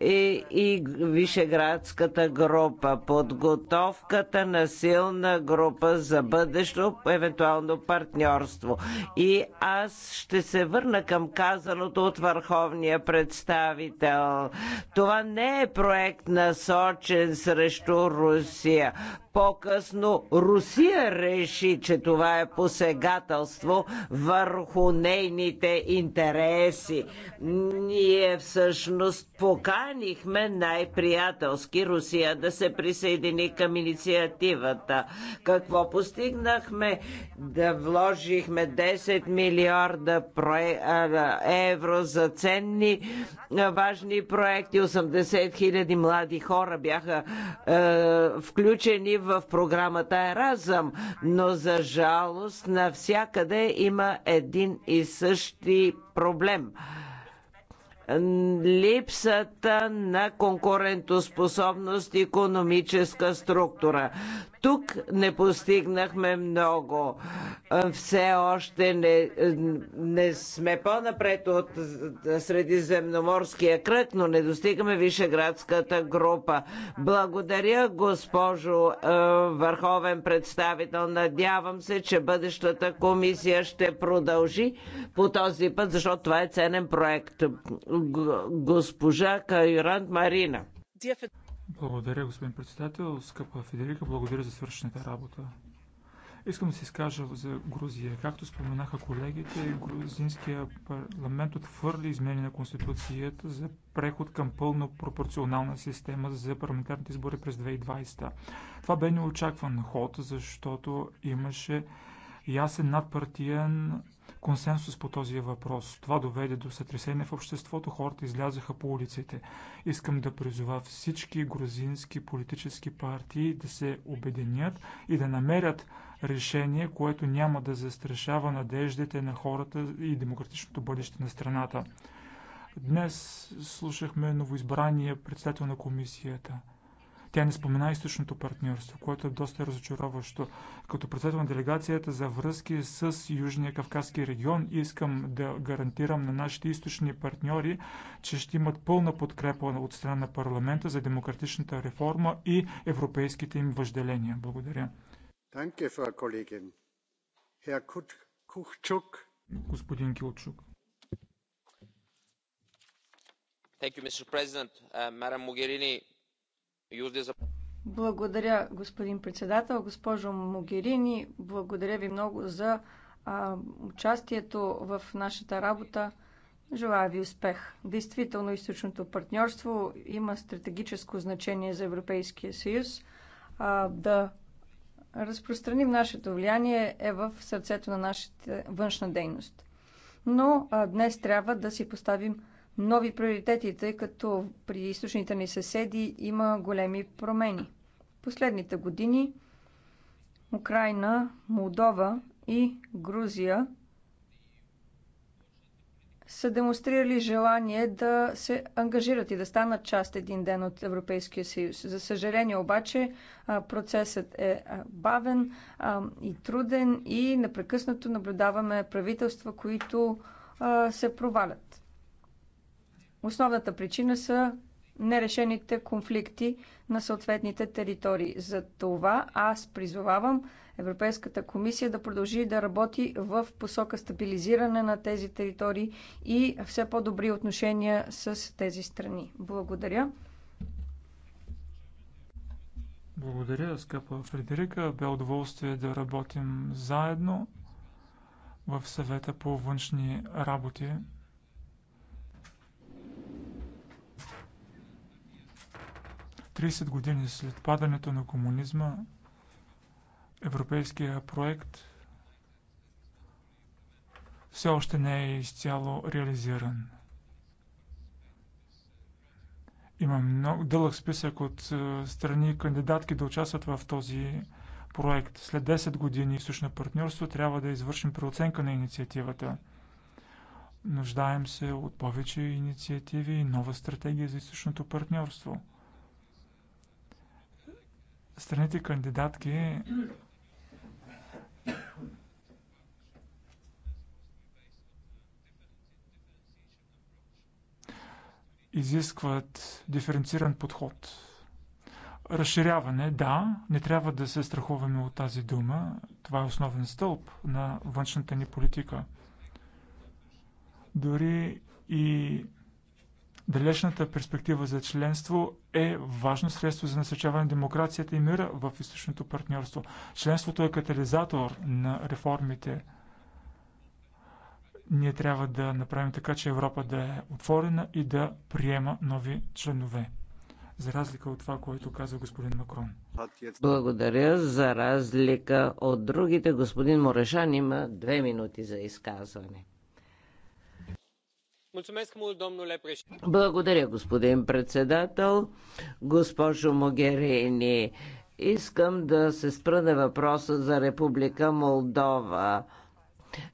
и, и Вишеградската група. Подготовката на силна група за бъдещо, евентуално партньорство. И аз ще се върна към казаното от върховния представител. Това не е проект насочен срещу Русия. По-късно Русия реши, че това е посегателство върху нейните интереси. Ние всъщност поканихме най-приятелски Русия да се присъедини към инициативата инициативата. Какво постигнахме? Да вложихме 10 милиарда евро за ценни важни проекти. 80 хиляди млади хора бяха е, включени в програмата Еразъм, но за жалост навсякъде има един и същи проблем – липсата на конкурентоспособност, економическа структура тук не постигнахме много. Все още не, не сме по-напред от Средиземноморския кръг, но не достигаме Вишеградската група. Благодаря, госпожо върховен представител. Надявам се, че бъдещата комисия ще продължи по този път, защото това е ценен проект. Госпожа Кайрант Марина. Благодаря, господин председател. Скъпа Федерика, благодаря за свършената работа. Искам да се изкажа за Грузия. Както споменаха колегите, грузинския парламент отхвърли изменение на Конституцията за преход към пълно пропорционална система за парламентарните избори през 2020. Това бе неочакван ход, защото имаше ясен надпартиен консенсус по този въпрос. Това доведе до сътресение в обществото, хората излязаха по улиците. Искам да призова всички грузински политически партии да се обединят и да намерят решение, което няма да застрашава надеждите на хората и демократичното бъдеще на страната. Днес слушахме новоизбрания председател на комисията – тя не спомена източното партньорство, което е доста разочароващо. Като председател на делегацията за връзки с Южния Кавказски регион искам да гарантирам на нашите източни партньори, че ще имат пълна подкрепа от страна на парламента за демократичната реформа и европейските им въжделения. Благодаря. Господин Килчук. Thank you, Mr. President. Uh, Madam Mogherini, благодаря, господин председател. Госпожо Могерини, благодаря ви много за а, участието в нашата работа. Желая ви успех. Действително, източното партньорство има стратегическо значение за Европейския съюз. А, да разпространим нашето влияние е в сърцето на нашата външна дейност. Но а, днес трябва да си поставим нови приоритети, тъй като при източните ни съседи има големи промени. Последните години Украина, Молдова и Грузия са демонстрирали желание да се ангажират и да станат част един ден от Европейския съюз. За съжаление обаче процесът е бавен и труден и непрекъснато наблюдаваме правителства, които се провалят. Основната причина са нерешените конфликти на съответните територии. За това аз призовавам Европейската комисия да продължи да работи в посока стабилизиране на тези територии и все по-добри отношения с тези страни. Благодаря. Благодаря, скъпа Фредерика. Бе удоволствие да работим заедно в съвета по външни работи 30 години след падането на комунизма, европейският проект все още не е изцяло реализиран. Има много дълъг списък от е, страни кандидатки да участват в този проект. След 10 години източно партньорство трябва да извършим преоценка на инициативата. Нуждаем се от повече инициативи и нова стратегия за източното партньорство – страните кандидатки изискват диференциран подход. Разширяване, да, не трябва да се страхуваме от тази дума. Това е основен стълб на външната ни политика. Дори и Далечната перспектива за членство е важно средство за насърчаване на демокрацията и мира в източното партньорство. Членството е катализатор на реформите. Ние трябва да направим така, че Европа да е отворена и да приема нови членове за разлика от това, което каза господин Макрон. Благодаря. За разлика от другите, господин Морешан има две минути за изказване. Благодаря, господин председател. Госпожо Могерини, искам да се спра на въпроса за Република Молдова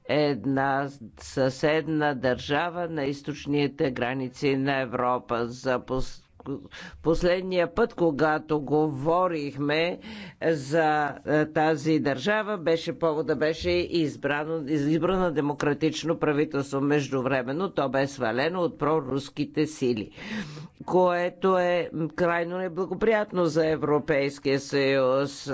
една съседна държава на източните граници на Европа. За Последния път, когато говорихме за е, тази държава, беше повода беше избрано, избрано демократично правителство. Междувременно то бе свалено от проруските сили, което е крайно неблагоприятно за Европейския съюз.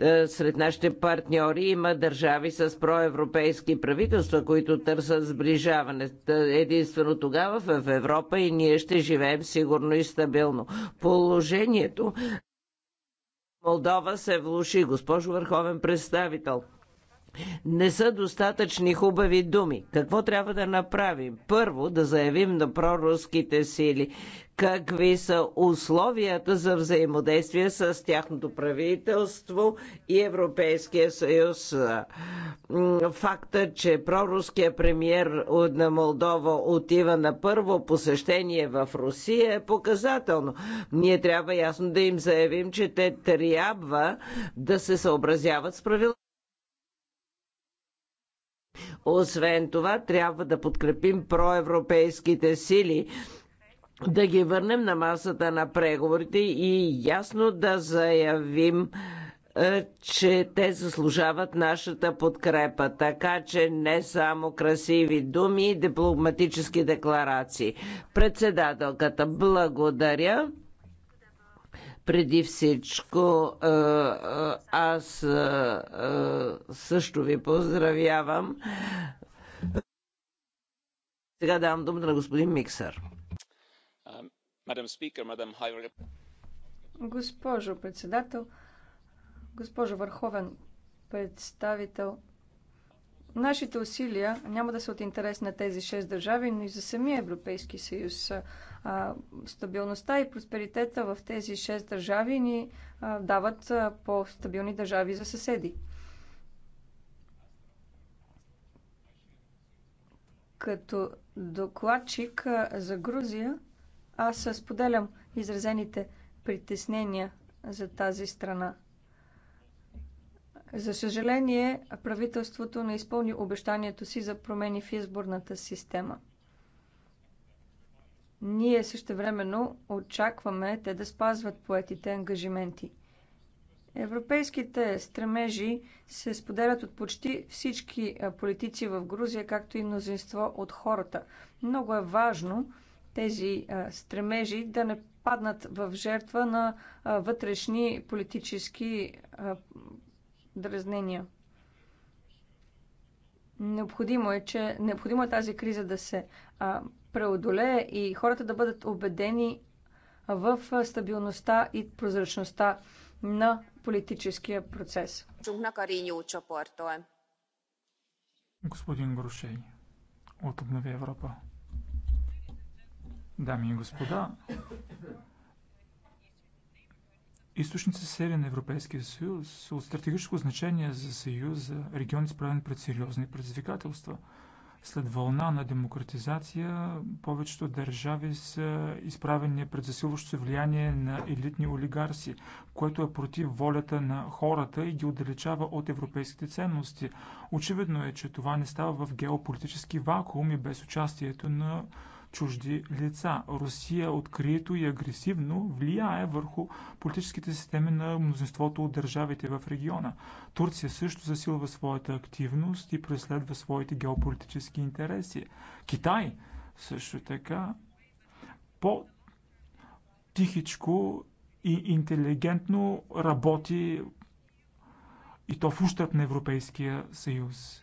Е, сред нашите партньори има държави с проевропейски правителства, които търсят сближаване. Единствено тогава в Европа и ние ще живеем сигурно и нестабилно. Положението Молдова се влуши, госпожо Върховен представител. Не са достатъчни хубави думи. Какво трябва да направим? Първо да заявим на проруските сили какви са условията за взаимодействие с тяхното правителство и Европейския съюз. Факта, че проруският премьер на Молдова отива на първо посещение в Русия е показателно. Ние трябва ясно да им заявим, че те трябва да се съобразяват с правилата освен това, трябва да подкрепим проевропейските сили, да ги върнем на масата на преговорите и ясно да заявим, е, че те заслужават нашата подкрепа. Така че не само красиви думи и дипломатически декларации. Председателката, благодаря. Преди всичко, е, е, аз е, също ви поздравявам. Сега давам думата на господин Миксър. Госпожо председател, госпожо върховен представител, нашите усилия няма да са от интерес на тези шест държави, но и за самия Европейски съюз стабилността и просперитета в тези шест държави ни дават по-стабилни държави за съседи. Като докладчик за Грузия, аз споделям изразените притеснения за тази страна. За съжаление, правителството не изпълни обещанието си за промени в изборната система. Ние също времено очакваме те да спазват поетите ангажименти. Европейските стремежи се споделят от почти всички политици в Грузия, както и мнозинство от хората. Много е важно тези стремежи да не паднат в жертва на вътрешни политически дразнения. Необходимо е, че, необходимо е тази криза да се а, преодолее и хората да бъдат убедени в стабилността и прозрачността на политическия процес. Е. Господин Грушей от Обнови Европа. Дами и господа, източници серия на Европейския съюз от стратегическо значение за Съюза, региони справени пред сериозни предизвикателства – след вълна на демократизация повечето държави са изправени пред засилващо се влияние на елитни олигарси, което е против волята на хората и ги отдалечава от европейските ценности. Очевидно е, че това не става в геополитически вакуум и без участието на чужди лица. Русия открито и агресивно влияе върху политическите системи на мнозинството от държавите в региона. Турция също засилва своята активност и преследва своите геополитически интереси. Китай също така по-тихичко и интелигентно работи и то в ущърп на Европейския съюз.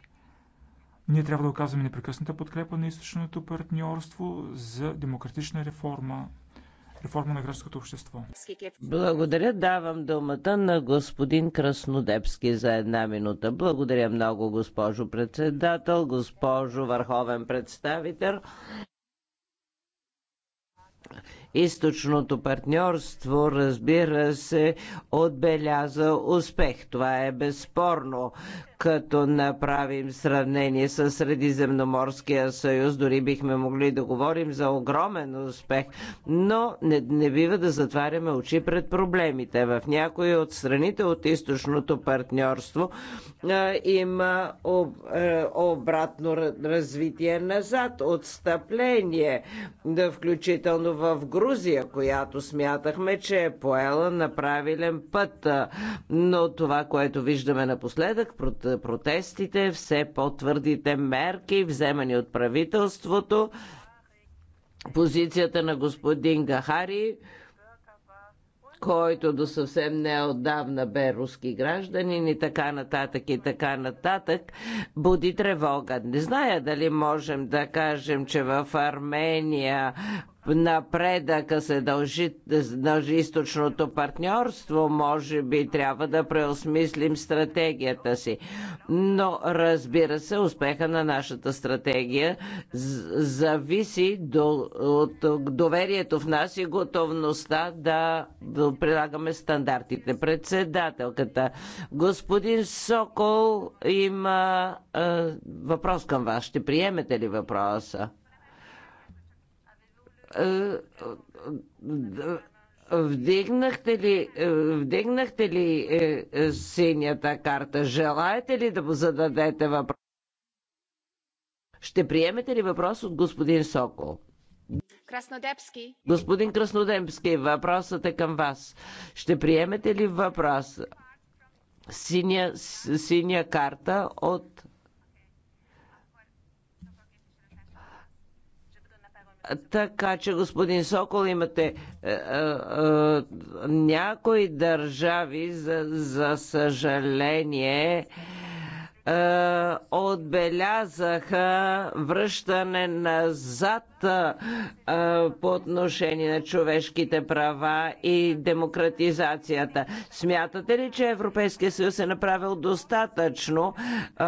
Ние трябва да оказваме непрекъсната подкрепа на източното партньорство за демократична реформа, реформа на гражданското общество. Благодаря. Давам думата на господин Краснодепски за една минута. Благодаря много, госпожо председател, госпожо върховен представител. Източното партньорство, разбира се, отбеляза успех. Това е безспорно като направим сравнение с Средиземноморския съюз, дори бихме могли да говорим за огромен успех, но не, не бива да затваряме очи пред проблемите. В някои от страните от източното партньорство а, има об, а, обратно развитие назад, отстъпление, да, включително в група Грузия, която смятахме, че е поела на правилен път. Но това, което виждаме напоследък, протестите, все по-твърдите мерки, вземани от правителството, позицията на господин Гахари, който до съвсем отдавна бе руски гражданин и така нататък и така нататък, буди тревога. Не зная дали можем да кажем, че в Армения напредъка се дължи, дължи източното партньорство, може би трябва да преосмислим стратегията си. Но разбира се, успеха на нашата стратегия зависи до, от доверието в нас и готовността да, да прилагаме стандартите. Председателката, господин Сокол има е, въпрос към вас. Ще приемете ли въпроса? Е, е, е, вдигнахте ли, вдигнахте ли синята карта? Желаете ли да му зададете въпрос? Ще приемете ли въпрос от господин Сокол? Краснодепски. Господин Краснодемски, въпросът е към вас. Ще приемете ли въпрос? Синя, синя карта от Така че, господин Сокол, имате е, е, е, някои държави, за, за съжаление, е, е, отбелязаха връщане назад е, по отношение на човешките права и демократизацията. Смятате ли, че Европейския съюз е направил достатъчно е,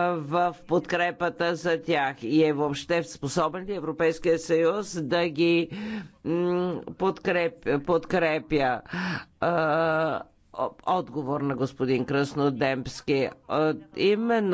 в подкрепата за тях и е въобще способен ли Европейския съюз да ги подкрепя? отговор на господин Краснодемски. Именно